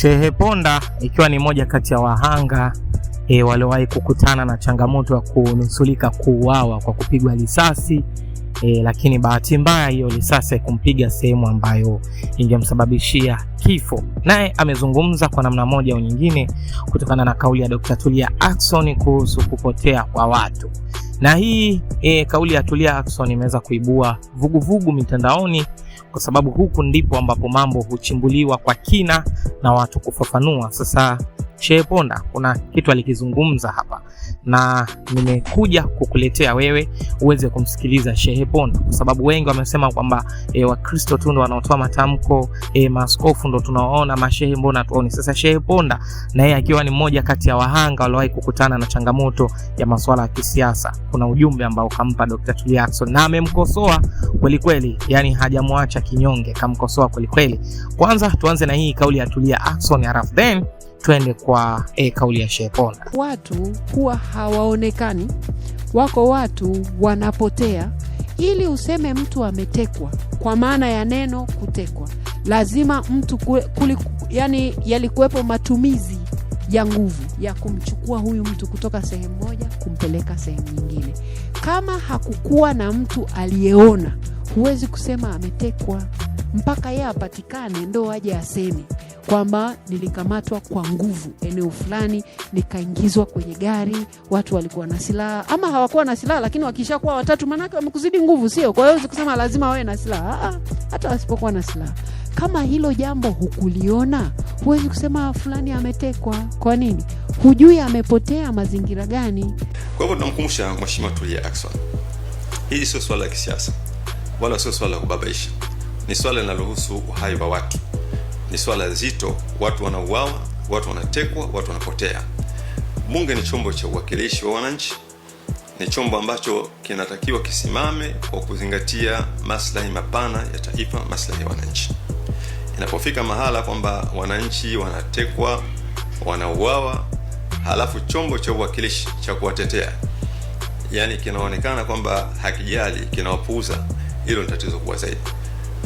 Shehe Ponda ikiwa ni moja kati ya wahanga e, waliowahi kukutana na changamoto ya kunusulika kuuawa kwa kupigwa risasi e, lakini bahati mbaya hiyo risasi haikumpiga sehemu ambayo ingemsababishia kifo. Naye amezungumza kwa namna moja au nyingine kutokana na kauli ya Dr. Tulia Ackson kuhusu kupotea kwa watu na hii e, kauli ya Tulia Ackson imeweza kuibua vuguvugu mitandaoni kwa sababu huku ndipo ambapo mambo huchimbuliwa kwa kina na watu kufafanua. Sasa Shehe Ponda, kuna kitu alikizungumza hapa na nimekuja kukuletea wewe uweze kumsikiliza Shehe Ponda, kwa sababu wengi wamesema kwamba e, Wakristo tu ndo wanaotoa matamko e, eh, maskofu ndo tunawaona, mashehe mbona tuoni. Sasa Shehe Ponda na yeye akiwa ni mmoja kati ya wahanga waliowahi kukutana na changamoto ya masuala ya kisiasa, kuna ujumbe ambao kampa Dr. Tulia Ackson na amemkosoa kweli kweli, yani hajamwacha kinyonge, kamkosoa kweli kweli. Kwanza tuanze na hii kauli ya Tulia Ackson halafu then twende kwa e, kauli ya Shepona. Watu huwa hawaonekani, wako watu wanapotea. Ili useme mtu ametekwa, kwa maana ya neno kutekwa, lazima mtu kule, kule, yani yalikuwepo matumizi ya nguvu ya kumchukua huyu mtu kutoka sehemu moja kumpeleka sehemu nyingine. Kama hakukuwa na mtu aliyeona, huwezi kusema ametekwa mpaka yeye apatikane ndo aje aseme kwamba nilikamatwa kwa nguvu eneo fulani, nikaingizwa kwenye gari, watu walikuwa na silaha ama hawakuwa na silaha, lakini wakishakuwa watatu, maanake wamekuzidi nguvu, sio? Kwa hiyo kusema lazima wawe na silaha, ah, ah, hata wasipokuwa na silaha kama hilo jambo hukuliona, huwezi kusema fulani ametekwa. Kwa nini? Hujui amepotea mazingira gani. Kwa hivyo tunamkumbusha Mheshimiwa Tulia Ackson, hili sio swala la kisiasa wala sio swala la kubabaisha ni swala linalohusu uhai wa watu, ni swala zito. Watu wanauawa, watu wanatekwa, watu wanapotea. Bunge ni chombo cha uwakilishi wa wananchi, ni chombo ambacho kinatakiwa kisimame kwa kuzingatia maslahi mapana ya taifa, maslahi ya wananchi. Inapofika mahala kwamba wananchi wanatekwa, wanauawa, halafu chombo cha uwakilishi cha kuwatetea yani kinaonekana kwamba hakijali, kinawapuuza, hilo ni tatizo kubwa zaidi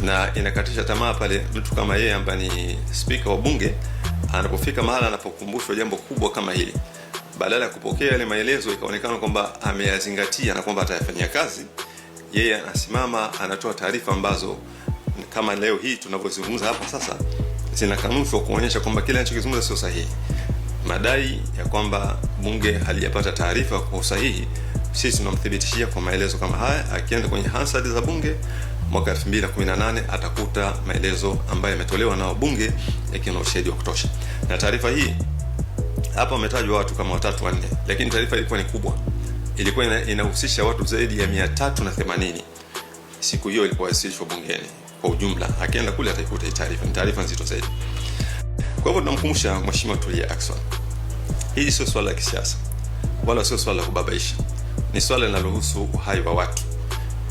na inakatisha tamaa pale mtu kama yeye ambaye ni spika wa bunge anapofika mahala anapokumbushwa jambo kubwa kama hili, badala ya kupokea yale maelezo ikaonekana kwamba ameyazingatia na kwamba atayafanyia kazi, yeye anasimama anatoa taarifa ambazo kama leo hii tunavyozungumza hapa sasa zinakanushwa kuonyesha kwamba kile anachokizungumza sio sahihi. Madai ya kwamba bunge halijapata taarifa kwa usahihi, sisi tunamthibitishia kwa maelezo kama haya, akienda kwenye Hansard za bunge mwaka 2018 atakuta maelezo ambayo yametolewa na wabunge yakiwa na ushahidi wa kutosha. Na taarifa hii hapa wametajwa watu kama watatu wanne, lakini taarifa ilikuwa ni kubwa, ilikuwa inahusisha watu zaidi ya 380 siku hiyo ilipowasilishwa bungeni kwa ujumla. Akienda kule ataikuta hii taarifa, ni taarifa nzito zaidi. Kwa hivyo tunamkumbusha Mheshimiwa Tulia Ackson, hili sio swala la kisiasa wala sio swala la kubabaisha, ni swala linalohusu uhai wa watu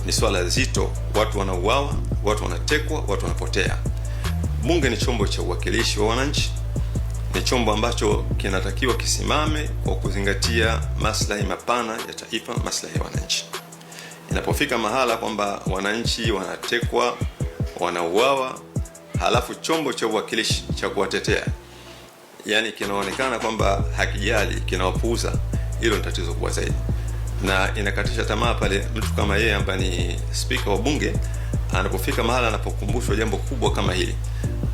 ni swala zito. Watu wanauawa, watu wanatekwa, watu wanapotea. Bunge ni chombo cha uwakilishi wa wananchi, ni chombo ambacho kinatakiwa kisimame kwa kuzingatia maslahi mapana ya taifa, maslahi ya wananchi. Inapofika mahala kwamba wananchi wanatekwa, wanauawa, halafu chombo cha uwakilishi cha kuwatetea yani kinaonekana kwamba hakijali, kinawapuuza, hilo ni tatizo kubwa zaidi na inakatisha tamaa pale mtu kama yeye ambaye ni spika wa bunge anapofika mahala anapokumbushwa jambo kubwa kama hili,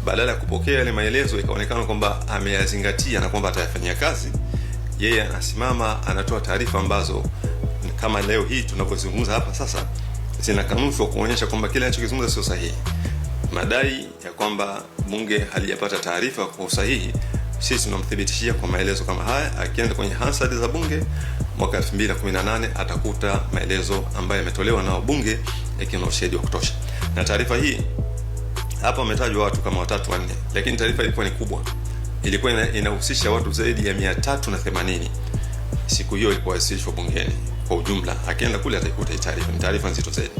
badala ya kupokea yale maelezo ikaonekana kwamba ameyazingatia na kwamba atayafanyia kazi, yeye anasimama anatoa taarifa ambazo kama leo hii tunavyozungumza hapa sasa zinakanushwa kuonyesha kwamba kile anachokizungumza sio sahihi. Madai ya kwamba bunge halijapata taarifa kwa usahihi sisi tunamthibitishia kwa maelezo kama haya. Akienda kwenye Hansard za Bunge mwaka 2018 atakuta maelezo ambayo yametolewa na wabunge yakiwa na ushahidi wa kutosha. Na taarifa hii hapa umetajwa watu kama watatu wanne, lakini taarifa ilikuwa ni kubwa, ilikuwa inahusisha watu zaidi ya 380. Siku hiyo ilipowasilishwa bungeni kwa ujumla, akienda kule ataikuta taarifa, ni taarifa nzito zaidi.